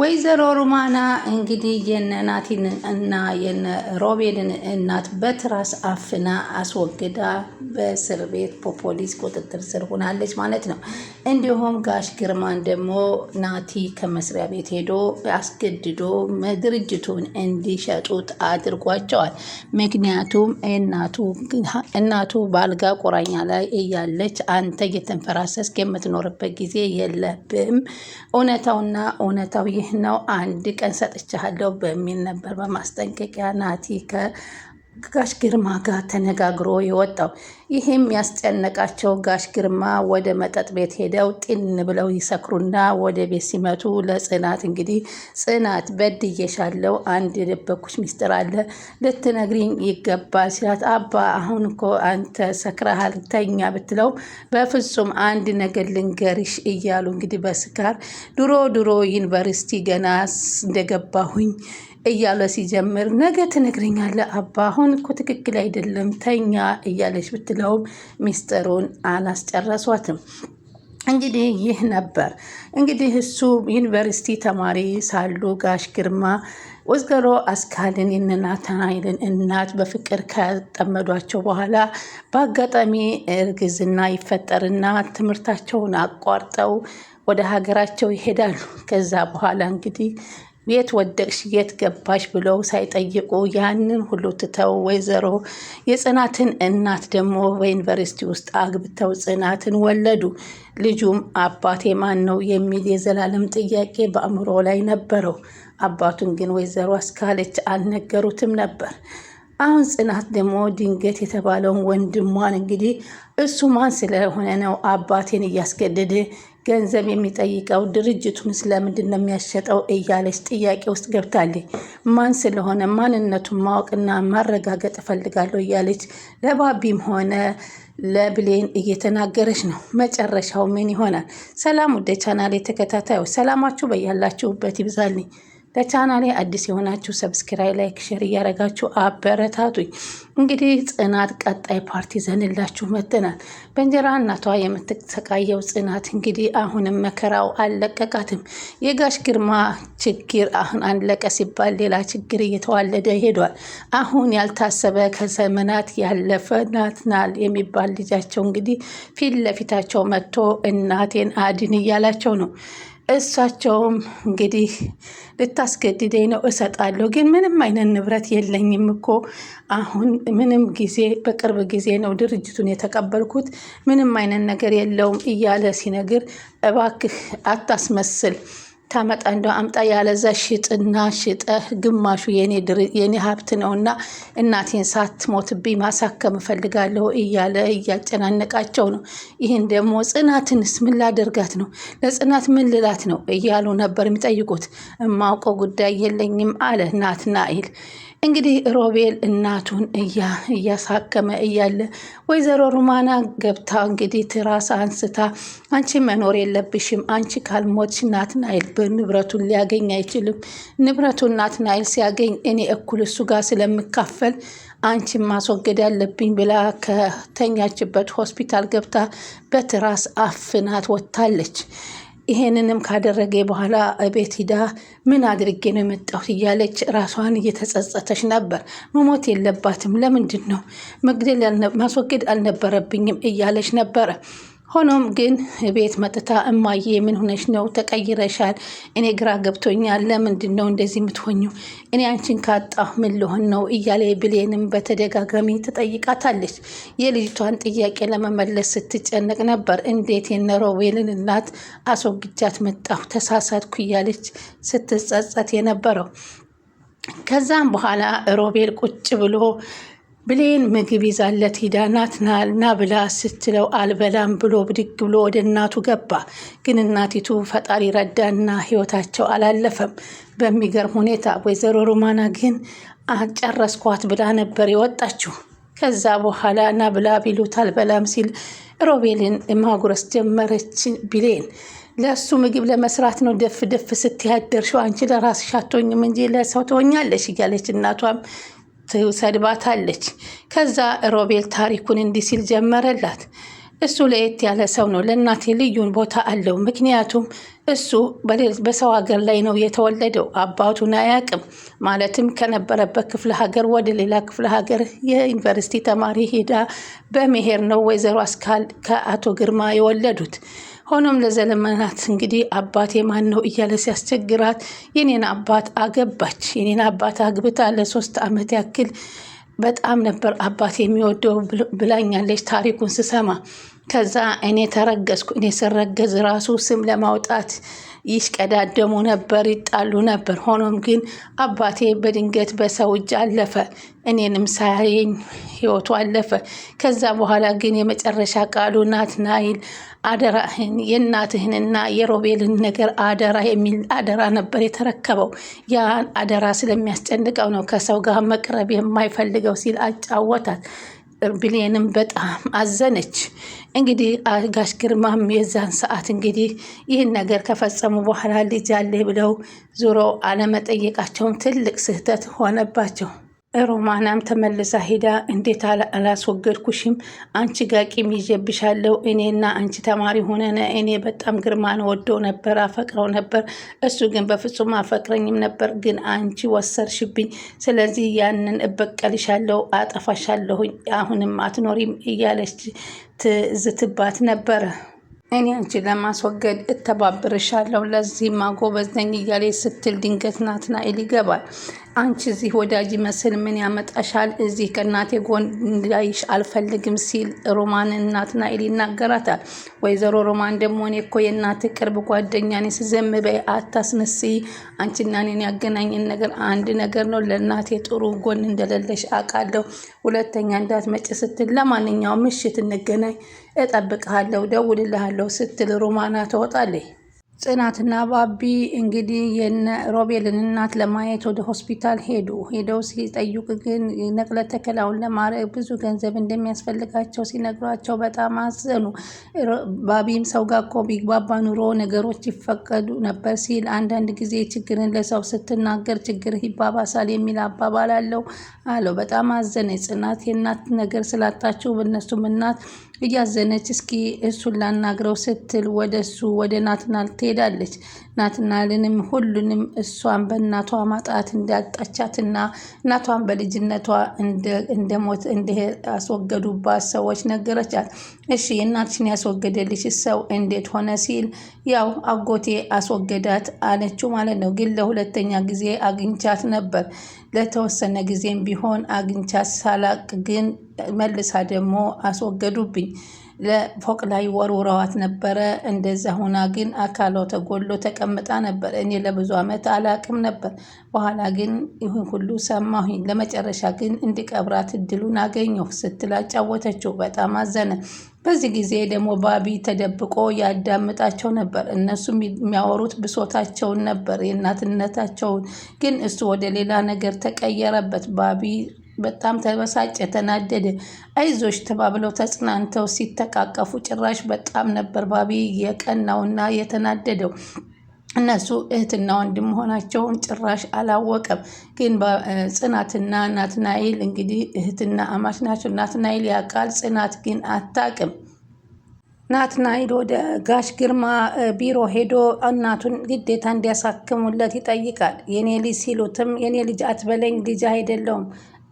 ወይዘሮ ሩማና እንግዲህ የነ ናቲን እና የነ ሮቤልን እናት በትራስ አፍና አስወግዳ በእስር ቤት በፖሊስ ቁጥጥር ስር ሆናለች ማለት ነው። እንዲሁም ጋሽ ግርማን ደግሞ ናቲ ከመስሪያ ቤት ሄዶ አስገድዶ ድርጅቱን እንዲሸጡት አድርጓቸዋል። ምክንያቱም እናቱ በአልጋ ቁራኛ ላይ እያለች አንተ እየተንፈራሰስክ የምትኖርበት ጊዜ የለብም እውነታውና እውነታው ይህ ነው አንድ ቀን ሰጥቻለሁ በሚል ነበር በማስጠንቀቂያ ናቲ ከ ጋሽ ግርማ ጋር ተነጋግሮ የወጣው። ይህም ያስጨነቃቸው ጋሽ ግርማ ወደ መጠጥ ቤት ሄደው ጢን ብለው ይሰክሩና ወደ ቤት ሲመቱ ለጽናት እንግዲህ ጽናት በድየሻለው፣ አንድ የደበኩሽ ሚስጥር አለ ልትነግሪኝ ይገባል ሲላት፣ አባ አሁን እኮ አንተ ሰክረሃል ተኛ ብትለው፣ በፍጹም አንድ ነገር ልንገርሽ እያሉ እንግዲህ በስካር ድሮ ድሮ ዩኒቨርሲቲ ገና እንደገባሁኝ እያለ ሲጀምር ነገ ትነግረኛለህ አባ፣ አሁን እኮ ትክክል አይደለም ተኛ እያለች ብትለውም ሚስጥሩን አላስጨረሷትም። እንግዲህ ይህ ነበር እንግዲህ እሱ ዩኒቨርሲቲ ተማሪ ሳሉ ጋሽ ግርማ ወይዘሮ አስካልን የናትናኤልን እናት በፍቅር ከጠመዷቸው በኋላ በአጋጣሚ እርግዝና ይፈጠርና ትምህርታቸውን አቋርጠው ወደ ሀገራቸው ይሄዳሉ። ከዛ በኋላ እንግዲህ የት ወደቅሽ የት ገባሽ ብለው ሳይጠይቁ ያንን ሁሉ ትተው ወይዘሮ የጽናትን እናት ደግሞ በዩኒቨርሲቲ ውስጥ አግብተው ጽናትን ወለዱ። ልጁም አባቴ ማን ነው የሚል የዘላለም ጥያቄ በአእምሮ ላይ ነበረው። አባቱን ግን ወይዘሮ አስካለች አልነገሩትም ነበር። አሁን ጽናት ደግሞ ድንገት የተባለውን ወንድሟን እንግዲህ እሱ ማን ስለሆነ ነው አባቴን እያስገደደ ገንዘብ የሚጠይቀው ድርጅቱን ስለምንድን ነው የሚያሸጠው እያለች ጥያቄ ውስጥ ገብታለች። ማን ስለሆነ ማንነቱን ማወቅና ማረጋገጥ እፈልጋለሁ እያለች ለባቢም ሆነ ለብሌን እየተናገረች ነው። መጨረሻው ምን ይሆናል? ሰላም ውደ ቻናል የተከታታዮች ሰላማችሁ በያላችሁበት ይብዛልኝ። ለቻናሌ አዲስ የሆናችሁ ሰብስክራይ፣ ላይክ፣ ሼር እያደረጋችሁ አበረታቱኝ። እንግዲህ ጽናት ቀጣይ ፓርቲ ዘንላችሁ መጥተናል። በእንጀራ እናቷ የምትሰቃየው ጽናት እንግዲህ አሁንም መከራው አልለቀቃትም። የጋሽ ግርማ ችግር አሁን አለቀ ሲባል ሌላ ችግር እየተዋለደ ሄዷል። አሁን ያልታሰበ ከዘመናት ያለፈ ናትናል የሚባል ልጃቸው እንግዲህ ፊት ለፊታቸው መጥቶ እናቴን አድን እያላቸው ነው እሳቸውም እንግዲህ ልታስገድደኝ ነው እሰጣለሁ፣ ግን ምንም አይነት ንብረት የለኝም እኮ አሁን ምንም ጊዜ በቅርብ ጊዜ ነው ድርጅቱን የተቀበልኩት፣ ምንም አይነት ነገር የለውም እያለ ሲነግር እባክህ አታስመስል ታመጣ እንደው አምጣ ያለዛ ሽጥና ሽጠህ ግማሹ የኔ ሀብት ነውና እናቴን ሳትሞትብኝ ማሳከም እፈልጋለሁ እያለ እያጨናነቃቸው ነው። ይህን ደግሞ ጽናትንስ ምን ላደርጋት ነው? ለጽናት ምን ልላት ነው? እያሉ ነበር የሚጠይቁት። እማውቀው ጉዳይ የለኝም አለ ናትናኤል። እንግዲህ ሮቤል እናቱን እያ እያሳከመ እያለ ወይዘሮ ሩማና ገብታ እንግዲህ ትራስ አንስታ አንቺ መኖር የለብሽም አንቺ ካልሞትሽ ናትናኤል በንብረቱን ሊያገኝ አይችልም። ንብረቱን ናትናኤል ሲያገኝ እኔ እኩል እሱ ጋር ስለምካፈል አንቺ ማስወገድ ያለብኝ ብላ ከተኛችበት ሆስፒታል ገብታ በትራስ አፍናት ወጥታለች። ይሄንንም ካደረገ በኋላ ቤት ሂዳ ምን አድርጌ ነው የመጣሁት እያለች ራሷን እየተጸጸተች ነበር። መሞት የለባትም ለምንድን ነው መግደል ማስወገድ አልነበረብኝም እያለች ነበረ። ሆኖም ግን ቤት መጥታ እማዬ ምን ሆነሽ ነው? ተቀይረሻል። እኔ ግራ ገብቶኛል። ለምንድን ነው እንደዚህ የምትሆኙ? እኔ አንቺን ካጣሁ ምን ልሆን ነው? እያለ ብሌንም በተደጋጋሚ ትጠይቃታለች። የልጅቷን ጥያቄ ለመመለስ ስትጨነቅ ነበር። እንዴት የነሮቤልን እናት አስወግጃት መጣሁ ተሳሳትኩ እያለች ስትጸጸት የነበረው ከዛም በኋላ ሮቤል ቁጭ ብሎ ብሌን ምግብ ይዛለት ሂዳ ናትና ና ብላ ስትለው አልበላም ብሎ ብድግ ብሎ ወደ እናቱ ገባ። ግን እናቲቱ ፈጣሪ ረዳና ህይወታቸው አላለፈም። በሚገርም ሁኔታ ወይዘሮ ሩማና ግን አጨረስኳት ብላ ነበር የወጣችው። ከዛ በኋላ ና ብላ ቢሉት አልበላም ሲል ሮቤልን ማጉረስ ጀመረች ብሌን። ለእሱ ምግብ ለመስራት ነው ደፍ ደፍ ስትያደርሽው አንቺ ለራስሽ አትሆኝም እንጂ ለሰው ትሆኛለሽ እያለች እናቷም ትሰድባታለች። ከዛ ሮቤል ታሪኩን እንዲህ ሲል ጀመረላት። እሱ ለየት ያለ ሰው ነው። ለእናቴ ልዩን ቦታ አለው። ምክንያቱም እሱ በሰው ሀገር ላይ ነው የተወለደው። አባቱን አያውቅም። ማለትም ከነበረበት ክፍለ ሀገር ወደ ሌላ ክፍለ ሀገር የዩኒቨርሲቲ ተማሪ ሄዳ በመሄድ ነው ወይዘሮ አስካል ከአቶ ግርማ የወለዱት። ሆኖም ለዘለመናት እንግዲህ አባት የማን ነው እያለ ሲያስቸግራት የኔን አባት አገባች። የኔን አባት አግብታ ለሶስት ዓመት ያክል በጣም ነበር አባት የሚወደው ብላኛለች ታሪኩን ስሰማ። ከዛ እኔ ተረገዝኩ። እኔ ስረገዝ ራሱ ስም ለማውጣት ይሽቀዳደሙ ነበር፣ ይጣሉ ነበር። ሆኖም ግን አባቴ በድንገት በሰው እጅ አለፈ፣ እኔንም ሳያየኝ ህይወቱ አለፈ። ከዛ በኋላ ግን የመጨረሻ ቃሉ ናትናኤል አደራህን የእናትህንና የሮቤልን ነገር አደራ የሚል አደራ ነበር የተረከበው። ያን አደራ ስለሚያስጨንቀው ነው ከሰው ጋር መቅረብ የማይፈልገው ሲል አጫወታት። ብሌንም በጣም አዘነች። እንግዲህ ጋሽ ግርማም የዛን ሰዓት እንግዲህ ይህን ነገር ከፈጸሙ በኋላ ልጅ አለ ብለው ዞሮ አለመጠየቃቸውም ትልቅ ስህተት ሆነባቸው። ሮማናም ተመልሳ ሂዳ እንዴት አላስወገድኩሽም? አንቺ ጋቂ ቂም ይዤብሻለሁ። እኔና አንቺ ተማሪ ሆነን እኔ በጣም ግርማን ወደው ነበር፣ አፈቅረው ነበር። እሱ ግን በፍጹም አፈቅረኝም ነበር፣ ግን አንቺ ወሰርሽብኝ። ስለዚህ ያንን እበቀልሻለሁ፣ አጠፋሻለሁኝ፣ አሁንም አትኖሪም እያለች ትዝትባት ነበር። እኔ አንቺ ለማስወገድ እተባብርሻለሁ ለዚህ ማጎበዝ ነኝ እያለ ስትል ድንገት ናትናኤል ይገባል። አንቺ እዚህ ወዳጅ መስል ምን ያመጣሻል? እዚህ ከእናቴ ጎን እንዳይሽ አልፈልግም ሲል ሮማንና ናትናኤል ይናገራታል። ወይዘሮ ሮማን ደግሞ እኔ እኮ የእናት ቅርብ ጓደኛ ነኝ፣ ስዘም በይ አንቺና እኔን ያገናኘን ነገር አንድ ነገር ነው። ለእናቴ ጥሩ ጎን እንደሌለሽ አውቃለሁ። ሁለተኛ እንዳትመጭ ስትል ለማንኛውም ምሽት እንገናኝ፣ እጠብቅሃለሁ፣ ደውልልሃለሁ ስትል ሮማና ትወጣለች። ጽናትና ባቢ እንግዲህ የነ ሮቤልን እናት ለማየት ወደ ሆስፒታል ሄዱ። ሄደው ሲጠይቁ ግን ነቅለ ተከላውን ለማድረግ ብዙ ገንዘብ እንደሚያስፈልጋቸው ሲነግሯቸው በጣም አዘኑ። ባቢም ሰው ጋር እኮ ቢግባባ ኑሮ ነገሮች ይፈቀዱ ነበር ሲል አንዳንድ ጊዜ ችግርን ለሰው ስትናገር ችግር ይባባሳል የሚል አባባል አለው አለው። በጣም አዘነ ጽናት የእናት ነገር ስላጣችው በእነሱም እናት እያዘነች እስኪ እሱን ላናግረው ስትል ወደ እሱ ወደ ናትናል ትሄዳለች። ናትናልንም ሁሉንም እሷን በእናቷ ማጣት እንዳጣቻትና እናቷን በልጅነቷ እንደሞት እንደ ያስወገዱባት ሰዎች ነገረቻት። እሺ እናትሽን ያስወገደልሽ ሰው እንዴት ሆነ ሲል ያው አጎቴ አስወገዳት አለችው ማለት ነው። ግን ለሁለተኛ ጊዜ አግኝቻት ነበር ለተወሰነ ጊዜም ቢሆን አግኝቻ ሳላቅ ግን መልሳ ደግሞ አስወገዱብኝ። ለፎቅ ላይ ወርውረዋት ነበረ። እንደዛ ሁና ግን አካሏ ተጎሎ ተቀምጣ ነበር። እኔ ለብዙ ዓመት አላቅም ነበር። በኋላ ግን ይህን ሁሉ ሰማሁኝ። ለመጨረሻ ግን እንዲቀብራት እድሉን አገኘሁ ስትል አጫወተችው። በጣም አዘነ። በዚህ ጊዜ ደግሞ ባቢ ተደብቆ ያዳምጣቸው ነበር። እነሱም የሚያወሩት ብሶታቸውን ነበር፣ የእናትነታቸውን። ግን እሱ ወደ ሌላ ነገር ተቀየረበት። ባቢ በጣም ተበሳጨ፣ ተናደደ። አይዞሽ ተባብለው ተጽናንተው ሲተቃቀፉ ጭራሽ በጣም ነበር ባቢ የቀናውና የተናደደው። እነሱ እህትና ወንድም መሆናቸውን ጭራሽ አላወቀም። ግን ጽናትና ናትናኤል እንግዲህ እህትና አማች ናቸው። ናትናኤል ያውቃል፣ ጽናት ግን አታውቅም። ናትናኤል ወደ ጋሽ ግርማ ቢሮ ሄዶ እናቱን ግዴታ እንዲያሳክሙለት ይጠይቃል። የኔ ልጅ ሲሉትም የኔ ልጅ አትበለኝ ልጅ አይደለውም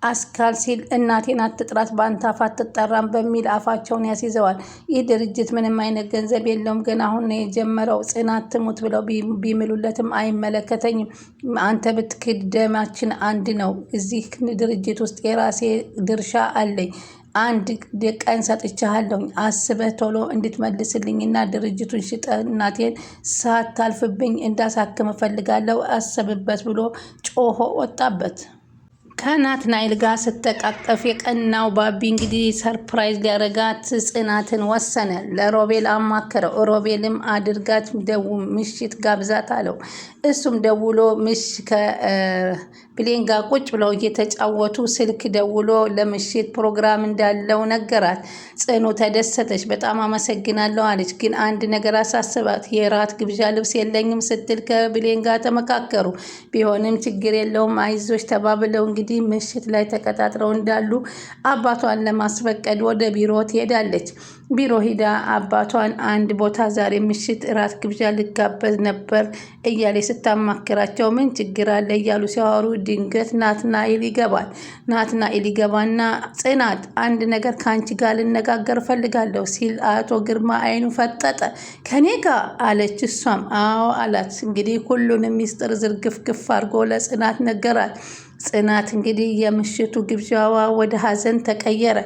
አስካል ሲል እናቴን አትጥራት በአንተ አፍ አትጠራም በሚል አፋቸውን ያስይዘዋል። ይህ ድርጅት ምንም አይነት ገንዘብ የለውም፣ ግን አሁን ነው የጀመረው። ጽናት ትሙት ብለው ቢምሉለትም አይመለከተኝም። አንተ ብትክድ ደማችን አንድ ነው። እዚህ ድርጅት ውስጥ የራሴ ድርሻ አለኝ። አንድ ቀን ሰጥቻለሁኝ። አስበህ ቶሎ እንድትመልስልኝና ድርጅቱን ሽጠ እናቴን ሳታልፍብኝ እንዳሳክም እፈልጋለሁ። አስብበት ብሎ ጮሆ ወጣበት። ከናትናኤል ጋር ስትጠቃቀፍ የቀናው ባቢ እንግዲህ ሰርፕራይዝ ሊያረጋት ጽናትን ወሰነ። ለሮቤል አማከረው። ሮቤልም አድርጋት ደው ምሽት ጋብዛት አለው። እሱም ደውሎ ምሽ ብሌን ጋር ቁጭ ብለው እየተጫወቱ ስልክ ደውሎ ለምሽት ፕሮግራም እንዳለው ነገራት። ጽኑ ተደሰተች። በጣም አመሰግናለሁ አለች። ግን አንድ ነገር አሳስባት፣ የራት ግብዣ ልብስ የለኝም ስትል ከብሌን ጋር ተመካከሩ። ቢሆንም ችግር የለውም አይዞች ተባብለው እንግዲህ ምሽት ላይ ተቀጣጥረው እንዳሉ አባቷን ለማስፈቀድ ወደ ቢሮ ትሄዳለች። ቢሮ ሂዳ አባቷን አንድ ቦታ ዛሬ ምሽት እራት ግብዣ ልጋበዝ ነበር እያሌ ስታማክራቸው ምን ችግር አለ እያሉ ሲያወሩ ድንገት ናትናኤል ይገባል። ናትናኤል ይገባና ጽናት፣ አንድ ነገር ከአንቺ ጋር ልነጋገር እፈልጋለሁ ሲል አቶ ግርማ አይኑ ፈጠጠ። ከኔ ጋ አለች። እሷም አዎ አላት። እንግዲህ ሁሉንም ሚስጥር ዝርግፍግፍ አድርጎ ለጽናት ነገራል። ጽናት እንግዲህ የምሽቱ ግብዣዋ ወደ ሀዘን ተቀየረ።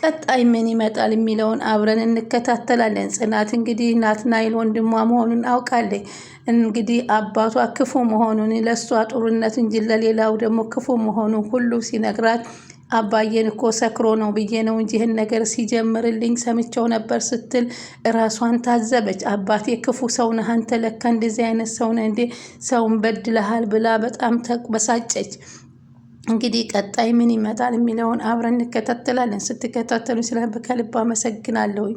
ቀጣይ ምን ይመጣል የሚለውን አብረን እንከታተላለን። ጽናት እንግዲህ ናትናኤል ወንድሟ መሆኑን አውቃለች። እንግዲህ አባቷ ክፉ መሆኑን ለእሷ ጥሩነት እንጂ ለሌላው ደግሞ ክፉ መሆኑን ሁሉ ሲነግራት አባዬን እኮ ሰክሮ ነው ብዬ ነው እንጂ ይህን ነገር ሲጀምርልኝ ሰምቸው ነበር ስትል እራሷን ታዘበች። አባቴ ክፉ ሰው ነህ አንተ፣ ለካ እንደዚህ አይነት ሰው ነህ እንዴ፣ ሰውን በድለሃል ብላ በጣም ተበሳጨች። እንግዲህ ቀጣይ ምን ይመጣል የሚለውን አብረን እንከታተላለን። ስትከታተሉ ስለ ከልብ አመሰግናለሁኝ።